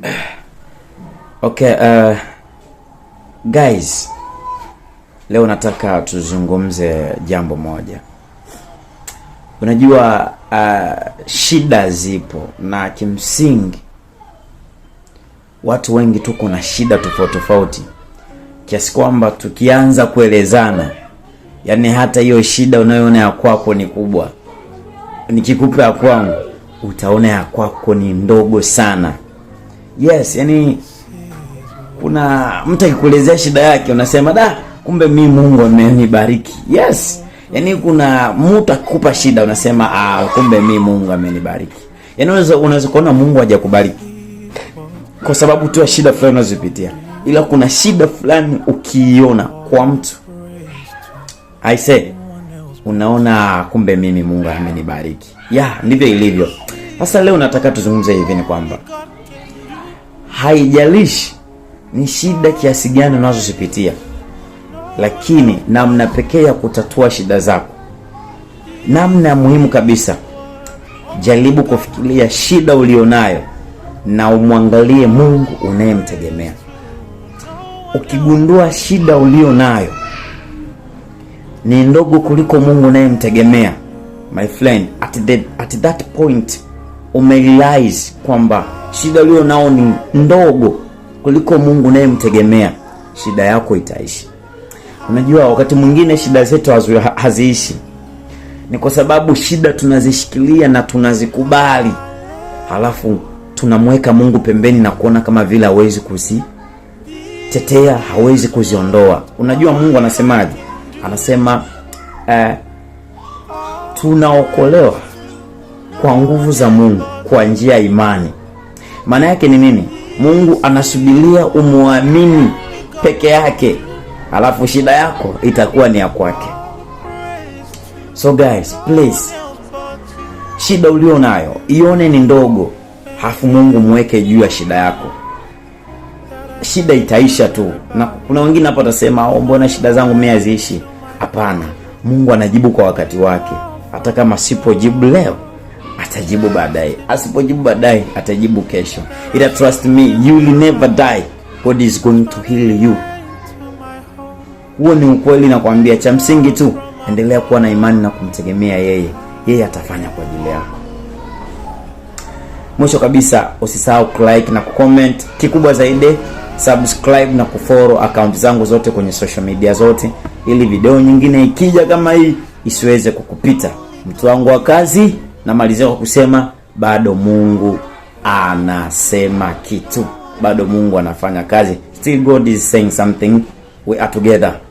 Okay, uh, guys, leo nataka tuzungumze jambo moja. Unajua uh, shida zipo na kimsingi watu wengi tuko na shida tofauti tofauti kiasi kwamba tukianza kuelezana, yani hata hiyo shida unayoona ya kwako ni kubwa, nikikupa ya kwangu utaona ya kwako ni ndogo sana. Yes, yani kuna mtu akikuelezea shida yake unasema da, kumbe mi Mungu amenibariki. Yes. yaani kuna mtu akikupa shida unasema ah, kumbe mi Mungu amenibariki. yaani unaweza unaweza kuona Mungu hajakubariki kwa sababu tu ya shida fulani unazopitia, ila kuna shida fulani ukiiona kwa mtu I say unaona kumbe mimi Mungu amenibariki. Ya, ndivyo ilivyo. Sasa leo nataka tuzungumze hivi ni kwamba haijalishi ni shida kiasi gani unazozipitia, lakini namna pekee ya kutatua shida zako, namna muhimu kabisa, jaribu kufikiria shida ulionayo na umwangalie Mungu unayemtegemea. Ukigundua shida ulionayo ni ndogo kuliko Mungu unayemtegemea, my friend, at, the, at that point umerealize kwamba shida ulio nao ni ndogo kuliko Mungu unayemtegemea, shida yako itaishi. Unajua, wakati mwingine shida zetu haziishi, ni kwa sababu shida tunazishikilia na tunazikubali, halafu tunamweka Mungu pembeni na kuona kama vile hawezi kuzitetea, hawezi kuziondoa. Unajua, Mungu anasemaje? Anasema eh, tunaokolewa kwa nguvu za Mungu kwa njia ya imani maana yake ni mimi, Mungu anasubiria umwamini peke yake, alafu shida yako itakuwa ni ya kwake. So guys, please, shida ulio nayo ione ni ndogo, alafu Mungu mweke juu ya shida yako. Shida itaisha tu, na kuna wengine hapa watasema oh, mbona shida zangu mimi haziishi? Hapana, Mungu anajibu kwa wakati wake, hata kama sipojibu leo atajibu baadaye, asipojibu baadaye atajibu kesho, ila trust me, you will never die. God is going to heal you. Huo ni ukweli nakwambia. Cha msingi tu endelea kuwa na imani na kumtegemea yeye, yeye atafanya kwa ajili yako. Mwisho kabisa, usisahau like na kucomment, kikubwa zaidi subscribe na kufollow akaunti zangu zote kwenye social media zote, ili video nyingine ikija kama hii isiweze kukupita. Mtu wangu wa kazi namalizia kwa kusema bado Mungu anasema kitu, bado Mungu anafanya kazi. Still God is saying something, we are together.